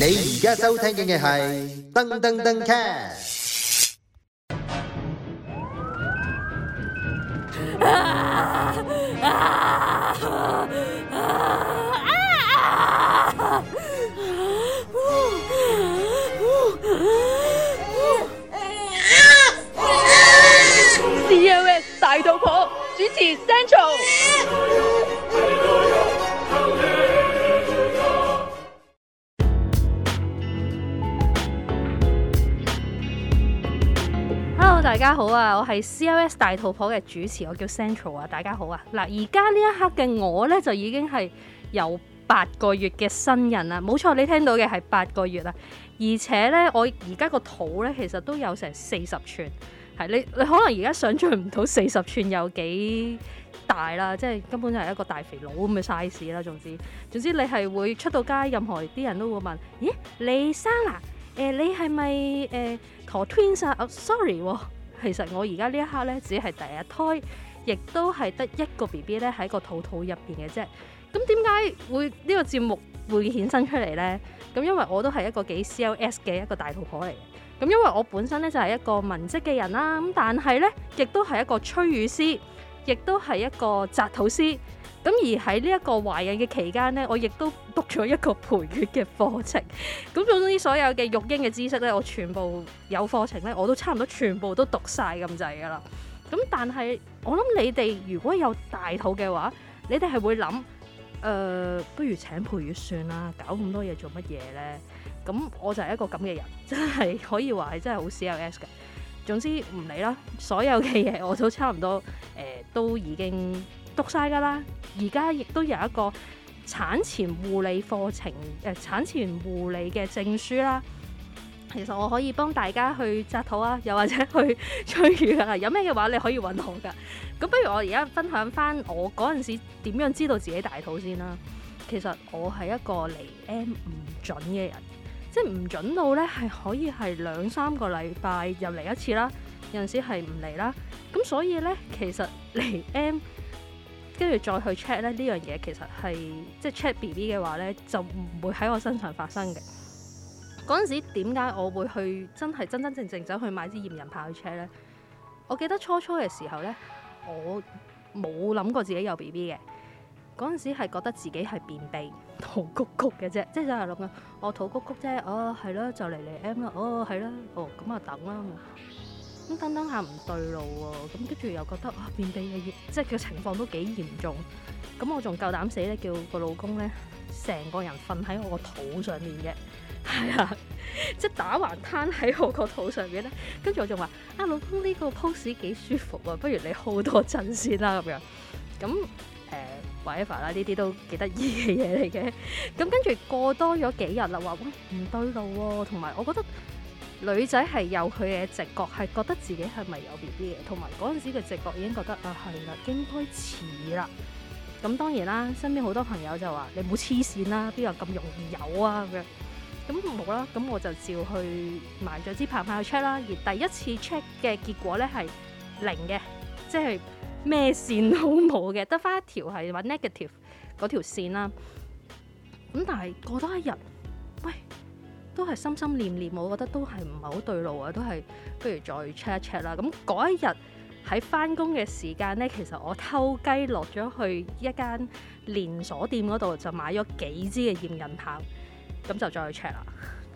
你而家收聽嘅係噔噔噔 cat。COS 大肚婆主持 Central。好啊！我係 COS 大肚婆嘅主持，我叫 Central 啊！大家好啊！嗱，而家呢一刻嘅我呢，就已經係有八個月嘅新人啦。冇錯，你聽到嘅係八個月啊！而且呢，我而家個肚呢，其實都有成四十寸，係你你可能而家想像唔到四十寸有幾大啦，即係根本就係一個大肥佬咁嘅 size 啦。總之總之，你係會出到街，任何啲人都會問，咦，你生啦？誒，你係咪誒、陀、twins 啊、oh？Sorry 啊。其實我而家呢一刻咧，只係第一胎，亦都係得一個 B B 咧喺個肚肚入邊嘅啫。咁點解會呢、呢個節目會衍生出嚟呢？咁因為我都係一個幾 C L S 嘅一個大肚婆嚟。嘅。咁因為我本身咧就係、是、一個文職嘅人啦、啊。咁但係咧，亦都係一個催乳師，亦都係一個紮肚師。咁而喺呢一個懷孕嘅期間呢，我亦都讀咗一個陪月嘅課程。咁總之所有嘅育嬰嘅知識呢，我全部有課程呢，我都差唔多全部都讀晒咁滯噶啦。咁但係我諗你哋如果有大肚嘅話，你哋係會諗誒、呃，「不如請陪月算啦，搞咁多嘢做乜嘢呢？」咁我就係一個咁嘅人，真係可以話係真係好 CLS 嘅。總之唔理啦，所有嘅嘢我都差唔多誒、呃，都已經，讀晒㗎啦，而家亦都有一個產前護理課程，誒、呃、產前護理嘅證書啦。其實我可以幫大家去紮肚啊，又或者去催乳啊。有咩嘅話，你可以搵我㗎。咁不如我而家分享返我嗰陣時點樣知道自己大肚先啦。其實我係一個嚟 M 唔準嘅人，即係唔準到呢係可以係兩三個禮拜又嚟一次啦。有陣時係唔嚟啦，咁所以呢，其實嚟 M。跟住再去 check 咧，呢樣嘢其實係即係 check B B 嘅話咧，就唔會喺我身上發生嘅。嗰陣時點解我會去真係真真正正走去買支驗孕棒去 check 咧？我記得初初嘅時候咧，我冇諗過自己有 B B 嘅。嗰陣時係覺得自己係便秘肚谷谷嘅啫，即係就係諗緊我肚谷谷啫，哦係咯就嚟嚟 M 啦，哦係啦，哦咁啊等啦。咁等等下唔對路喎，咁跟住又覺得啊便秘啊，即係佢情況都幾嚴重，咁我仲夠膽死咧，叫個老公咧，成個人瞓喺我個肚上面嘅，係啊，即係打橫攤喺我個肚上邊咧，跟住我仲話啊老公呢個 pose 幾舒服啊，不如你好多陣先啦咁樣，咁誒 whatever 啦，呢啲都幾得意嘅嘢嚟嘅，咁跟住過多咗幾日啦，話喂唔對路喎，同埋我覺得。女仔係有佢嘅直覺，係覺得自己係咪有 B B 嘅，同埋嗰陣時嘅直覺已經覺得啊係啦，應該似啦。咁當然啦，身邊好多朋友就話：你唔好黐線啦，邊有咁容易有啊咁樣。咁冇啦，咁我就照去買咗支棒，返去 check 啦。而第一次 check 嘅結果咧係零嘅，即係咩線都冇嘅，得翻一條係話 negative 嗰條線啦。咁但係過多一日。都係心心念念，我覺得都係唔係好對路啊！都係不如再 check 一 check 啦。咁嗰一日喺翻工嘅時間呢，其實我偷雞落咗去一間連鎖店嗰度，就買咗幾支嘅驗孕棒，咁就再去 check 啦。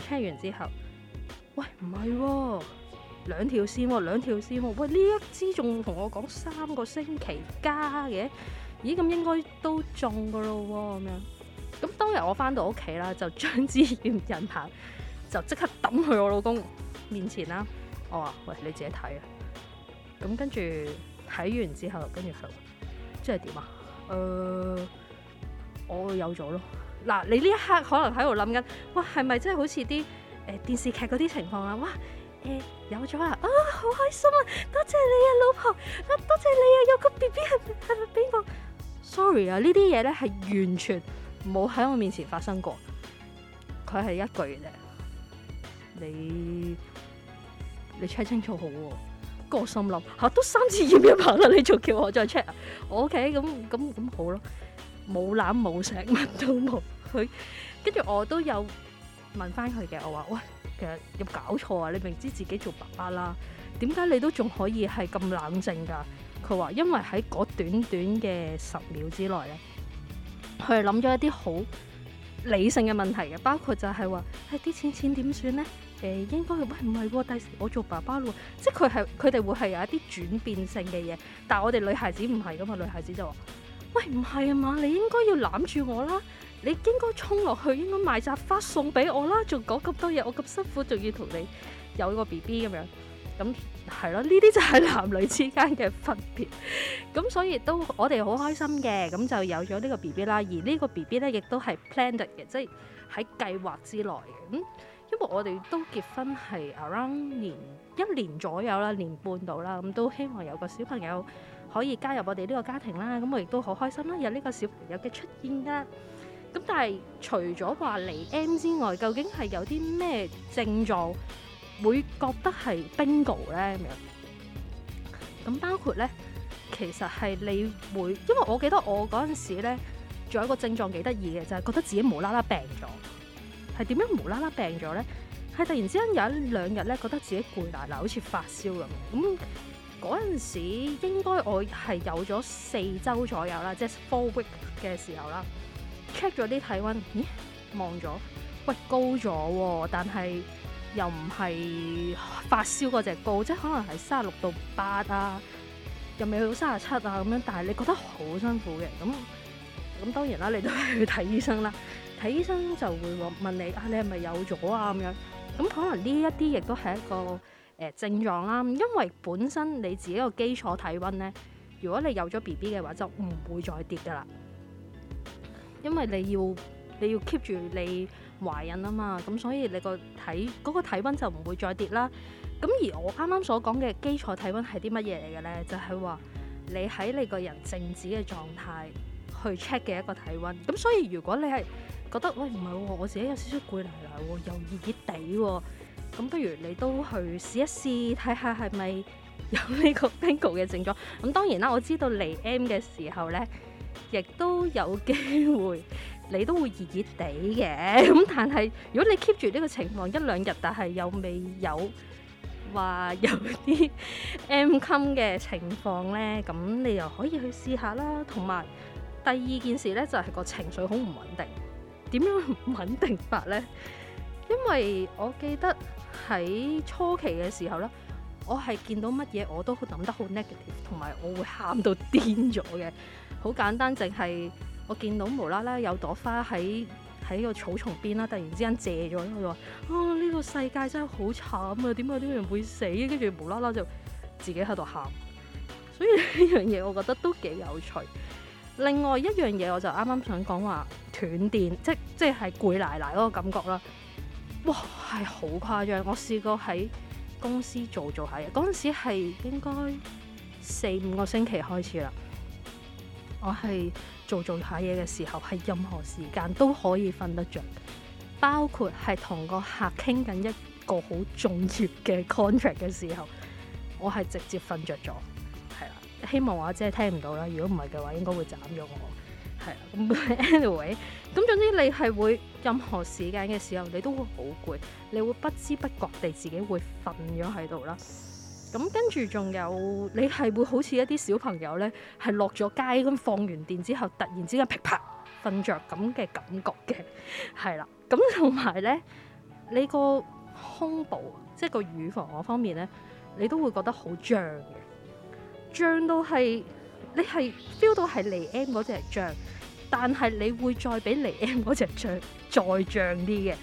check 完之後，喂唔係喎，兩條線喎，哦，兩條線喎，哦，喂呢一支仲同我講三個星期加嘅，咦咁應該都中噶咯喎咁樣。咁當日我翻到屋企啦，就將支驗孕棒就即刻抌去我老公面前啦。我話：喂，你自己睇啊！咁跟住睇完之後，跟住佢話：即係點啊？誒、呃，我有咗咯。嗱，你呢一刻可能喺度諗緊，哇，係咪真係好似啲誒電視劇嗰啲情況啊？哇，誒、呃、有咗啦、啊！啊，好開心啊！多謝你啊，老婆啊，多謝你啊，有個 B B 係咪俾我。Sorry 啊，呢啲嘢咧係完全，冇喺我面前發生過，佢係一句嘅，你你 check 清楚好喎。個心諗吓，都三次驗一排啦，你仲叫我再 check 啊？我 OK 咁咁咁好咯。冇攬冇錫乜都冇。佢跟住我都有問翻佢嘅，我話，喂，其實有搞錯啊！你明知自己做爸爸啦，點解你都仲可以係咁冷靜噶？佢話因為喺嗰短短嘅十秒之內咧。佢係諗咗一啲好理性嘅問題嘅，包括就係話，係、哎、啲錢錢點算咧？誒、呃，應該喂唔係喎，第時、啊、我做爸爸咯，即係佢係佢哋會係有一啲轉變性嘅嘢，但係我哋女孩子唔係噶嘛，女孩子就話，喂唔係啊嘛，你應該要攬住我啦，你應該衝落去，應該買扎花送俾我啦，仲講咁多嘢，我咁辛苦，仲要同你有個 BB 咁樣，咁。係咯，呢啲就係男女之間嘅分別，咁 所以都我哋好開心嘅，咁就有咗呢個 B B 啦，而個寶寶呢個 B B 咧亦都係 planned 嘅，即係喺計劃之內嘅。咁、嗯、因為我哋都結婚係 around 年一年左右啦，年半到啦，咁都希望有個小朋友可以加入我哋呢個家庭啦。咁我亦都好開心啦，有呢個小朋友嘅出現啦。咁但係除咗話嚟 M 之外，究竟係有啲咩症狀？會覺得係 bingo 咧咁樣，咁包括咧，其實係你會，因為我記得我嗰陣時咧，仲有一個症狀幾得意嘅就係、是、覺得自己無啦啦病咗，係點樣無啦啦病咗咧？係突然之間有一兩日咧，覺得自己攰埋嚟，好似發燒咁。咁嗰陣時應該我係有咗四周左右啦，即係 four week 嘅時候啦，check 咗啲體温，咦，望咗，喂高咗喎、啊，但係。又唔係發燒嗰隻高，即係可能係三十六到八啊，又未去到三十七啊咁樣，但係你覺得好辛苦嘅。咁咁當然啦，你都係去睇醫生啦。睇醫生就會問你啊，你係咪有咗啊？咁樣，咁可能呢一啲亦都係一個誒、呃、症狀啦，因為本身你自己個基礎體温咧，如果你有咗 B B 嘅話，就唔會再跌㗎喇，因為你要你要 keep 住你。懷孕啊嘛，咁所以你個體嗰個體温就唔會再跌啦。咁而我啱啱所講嘅基礎體温係啲乜嘢嚟嘅咧？就係話你喺你個人靜止嘅狀態去 check 嘅一個體温。咁所以如果你係覺得喂唔係喎，我自己有少少攰嚟嚟喎，又熱熱地喎，咁不如你都去試一試睇下係咪有呢個 bingo 嘅症狀。咁當然啦，我知道嚟 M 嘅時候咧，亦都有機會。你都會熱熱地嘅，咁但係如果你 keep 住呢個情況一兩日，但係又未有話有啲 M come 嘅情況呢，咁你又可以去試下啦。同埋第二件事呢，就係、是、個情緒好唔穩定。點樣唔穩定法呢？因為我記得喺初期嘅時候呢，我係見到乜嘢我都諗得好 negative，同埋我會喊到癲咗嘅。好簡單，淨係。我見到無啦啦有朵花喺喺個草叢邊啦，突然之間謝咗，我就話：啊，呢個世界真係好慘啊！點解啲人會死？跟住無啦啦就自己喺度喊。所以呢樣嘢我覺得都幾有趣。另外一樣嘢我就啱啱想講話斷電，即即係攰奶奶嗰個感覺啦。哇，係好誇張！我試過喺公司做做下嘢，嗰陣時係應該四五個星期開始啦。我係。做做下嘢嘅時候，係任何時間都可以瞓得着，包括係同個客傾緊一個好重要嘅 contract 嘅時候，我係直接瞓着咗。係啦，希望或者係聽唔到啦。如果唔係嘅話，應該會斬咗我。係啦，咁 anyway，咁總之你係會任何時間嘅時候，你都會好攰，你會不知不覺地自己會瞓咗喺度啦。咁跟住仲有，你係會好似一啲小朋友咧，係落咗街咁放完電之後，突然之間噼啪瞓着咁嘅感覺嘅，係啦。咁同埋咧，你個胸部即係個乳房方面咧，你都會覺得好脹，脹到係你係 feel 到係嚟 M 嗰隻脹，但係你會再比嚟 M 嗰隻脹再脹啲嘅，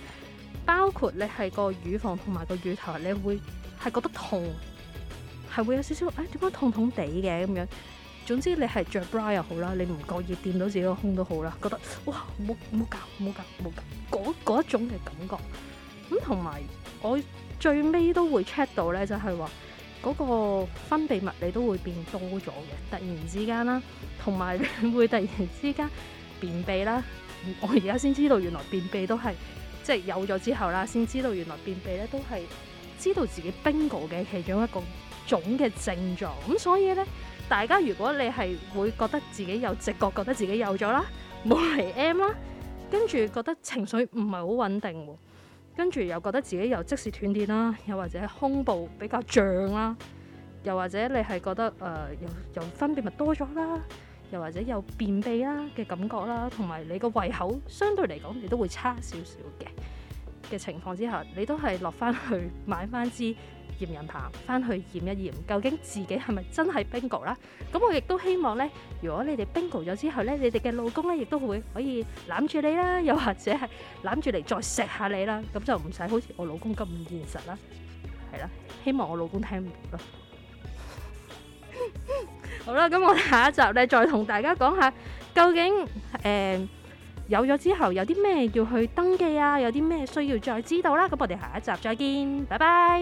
包括你係個乳房同埋個乳頭，你會係覺得痛。係會有少少誒點解、哎、痛痛地嘅咁樣。總之你係着 bra 又好啦，你唔覺意掂到自己個胸都好啦，覺得哇，冇冇搞冇搞冇搞嗰一種嘅感覺咁。同埋我最尾都會 check 到咧，就係話嗰個分泌物你都會變多咗嘅，突然之間啦，同埋會突然之間便秘啦。我而家先知道原來便秘都係即係有咗之後啦，先知道原來便秘咧都係知道自己 bingo 嘅其中一個種嘅症狀，咁、嗯、所以咧，大家如果你係會覺得自己有直覺，覺得自己有咗啦，冇嚟 M 啦，跟住覺得情緒唔係好穩定喎，跟住又覺得自己又即時斷電啦，又或者胸部比較脹啦，又或者你係覺得誒又又分泌物多咗啦，又或者有便秘啦嘅感覺啦，同埋你個胃口相對嚟講你都會差少少嘅嘅情況之下，你都係落翻去買翻支驗人爬翻去驗一驗，究竟自己係咪真係 bingo 啦？咁我亦都希望咧，如果你哋 bingo 咗之後咧，你哋嘅老公咧亦都會可以攬住你啦，又或者係攬住嚟再錫下你啦。咁就唔使好似我老公咁現實啦。係啦，希望我老公聽唔到咯。好啦，咁我下一集咧再同大家講下，究竟誒有咗之後有啲咩要去登記啊？有啲咩需要再知道啦？咁我哋下一集再見，拜拜。